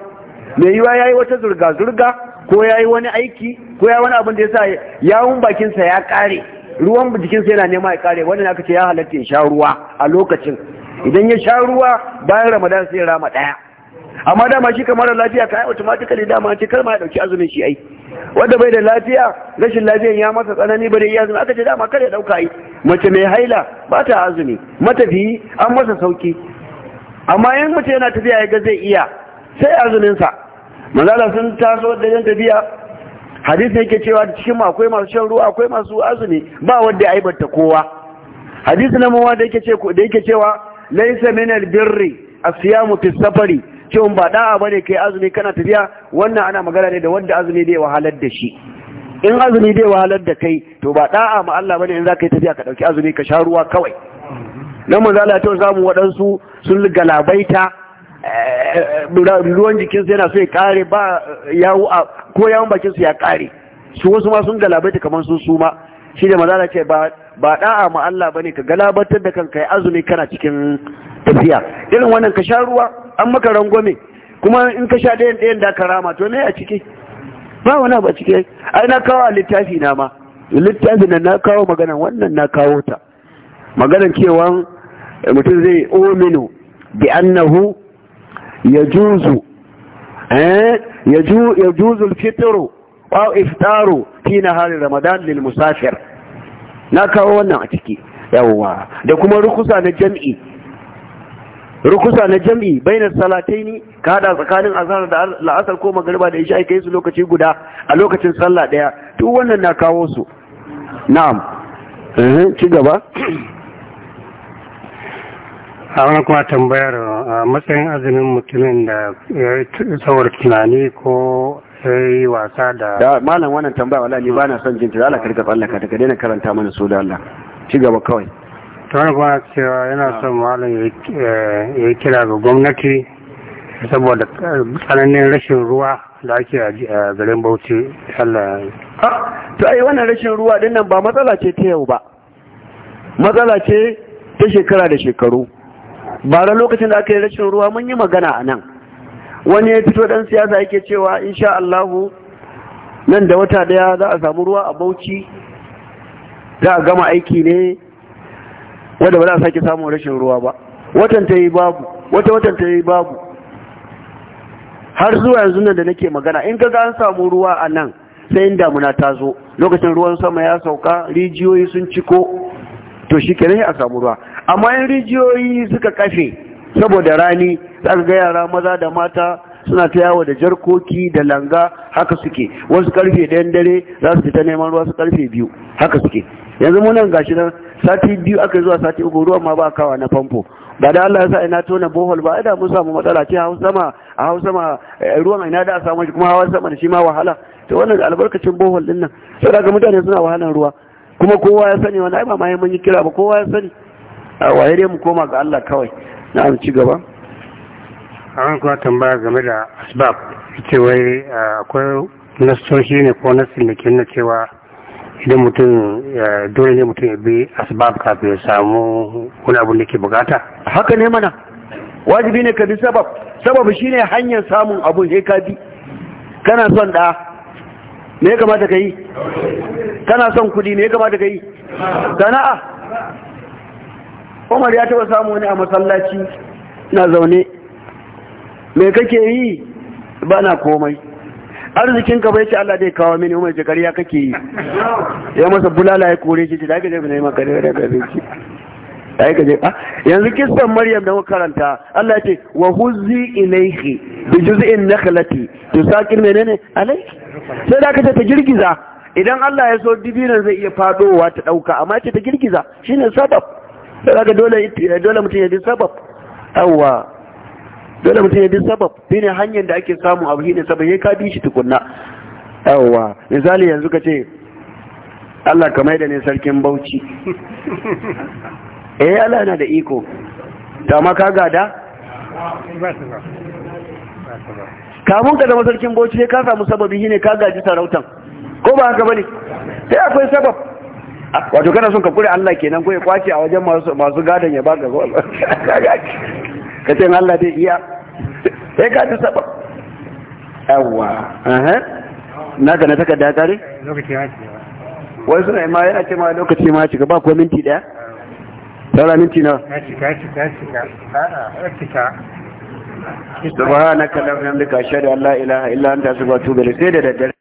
mai yiwa ya yi wata zurga-zurga ko ya yi wani aiki ko ya wani abin da ya sa yawun bakinsa ya ƙare ruwan jikinsa yana nema ya kare wannan aka ce ya halatta ya sha ruwa a lokacin idan ya sha ruwa bayan ramadan sai ya rama ɗaya amma dama shi kamar lafiya ka yi automatically dama ce kar ma ya dauki azumin shi ai wanda bai da lafiya rashin lafiyan ya masa tsanani ba da zama azumi aka ce dama kare ya dauka yi mace mai haila ba ta azumi matafiyi an masa sauki amma yan mace yana tafiya ya ga zai iya sai azumin sa manzala sun taso da yan tafiya hadisi yake cewa cikin akwai masu shan ruwa akwai masu azumi ba wanda ya aibanta kowa hadisi na mawa da yake cewa da yake cewa laysa min albirri asiyamu fi safari cewa ba da'a bane kai azumi kana tafiya wannan ana magana ne da wanda azumi zai wahalar da shi in azumi zai wahalar da kai to ba da'a ma Allah bane in zaka yi tafiya ka dauki azumi ka sha ruwa kawai nan mun zala ta samu waɗansu sun galabaita eh, ruwan jikinsu yana so ya kare ba yawo ko yawon bakinsu ya kare su wasu ma sun galabaita kamar sun suma shi da maza ce ba da'a ma Allah bane ka galabatar da kanka ya azumi kana cikin tafiya irin wannan ka sha ruwa an maka rangwame kuma in ka sha ɗayan ɗayan da rama to ne a ciki ba wani abu a ciki ai na kawo a littafi na ma littafi na na kawo magana wannan na kawo ta Maganar cewa mutum zai ominu bi annahu yajuzu eh yajuzu al-fitru aw iftaru fi nahar ramadan lil musafir na kawo wannan a ciki yawwa da kuma rukusa na jam'i rukusa na jam'i bainar salataini ka hada tsakanin azhar da la'asar ko magariba da isha kai su lokaci guda a lokacin sallah daya duk wannan na kawo su na'am eh ci gaba a wani kuma tambayar a matsayin azumin mutumin da ya yi tsawar tunani ko ya yi wasa da da malam wannan tambaya wala ni na son jinta da Allah karka tsallaka daga daina karanta mana su da Allah ci gaba kawai tsohon ba cewa yana ah. son malam eh, ya yi kira ga gwamnati saboda eh, tsananin rashin ruwa da ake a garin bauchi Allah ah, to ai wannan rashin ruwa din nan ba matsala ce ta yau ba matsala ce ta shekara da shekaru ba da lokacin da aka yi rashin ruwa mun yi magana a nan wani ya fito dan siyasa yake cewa insha Allahu nan da wata daya za a samu ruwa a bauchi za a gama aiki ne wadda ba za a sake samun rashin ruwa ba watan ta yi babu wata watan ta yi babu har zuwa yanzu nan da nake magana in kaga an samu ruwa a nan sai in damuna ta zo lokacin ruwan sama ya sauka rijiyoyi sun ciko to shi kenan a samu ruwa amma in rijiyoyi suka kafe saboda rani za ga yara maza da mata suna ta yawo da jarkoki da langa haka suke wasu karfe ɗayan dare za su fita neman ruwa su karfe biyu haka suke yanzu munan gashi nan sati biyu aka zuwa sati uku ruwan ma ba kawa na famfo ba da Allah ya sa ina tona bohol ba idan mun samu matsala ce hausa ma a hausa eh, ruwan ina da a samu shi kuma hawa sama da shi ma wahala to wannan albarkacin bohol din nan sai daga mutane suna wahalan ruwa kuma kowa ya sani wani ai ba mai mun yi kira ba kowa ya sani a waye mu koma ga Allah kawai na ci gaba a wani kuma tambaya game da asbab ce wai eh, akwai nasoshi ne ko nasin da ke nuna cewa idan mutum dole ne mutum ya bi asbab kafin ya samu wani abin da ke bukata haka ne mana wajibi ne ka bi sabab sabab shine hanyar samun abun sai ka bi kana son da me ya kamata ka yi kana son kudi me ya kamata ka yi sana'a umar ya taba samu wani a masallaci na zaune me kake yi ba na komai arzikin ka bai ce Allah zai kawo mini umar jikar ya kake yi ya masa bulala ya kore shi da aka je bane maka ne da ka zai da aka je ah, yanzu kissan maryam da muka karanta Allah ce wa huzzi ilayhi bi juz'in nakhlati tusakir menene alai sai da aka ce ta girgiza idan Allah ya so dibinan zai iya fadowa ta dauka amma ce ta girgiza shine sabab sai ka dole dole mutum ya ji sabab yawwa dole mutum ya bi sabab shi ne hanyar da ake samu abu shi ne sabab ya ka bi shi tukunna yawwa misali yanzu ka ce Allah ka mai da ne sarkin bauchi eh Allah yana da iko ta ma ka gada kamun ka zama sarkin bauchi ne ka samu sababi shi ne ka gaji sarautan ko ba haka bane sai akwai sabab wato kana son ka kure Allah kenan ko ya kwace a wajen masu gadon ya baka ka ce Allah dai iya sai ka ji sabab yawa na ga na da tare wai suna ima yana ce ma lokaci ma shiga ba ko minti daya tara minti na subhanaka la ilaha illa anta astaghfiruka wa atubu ilayk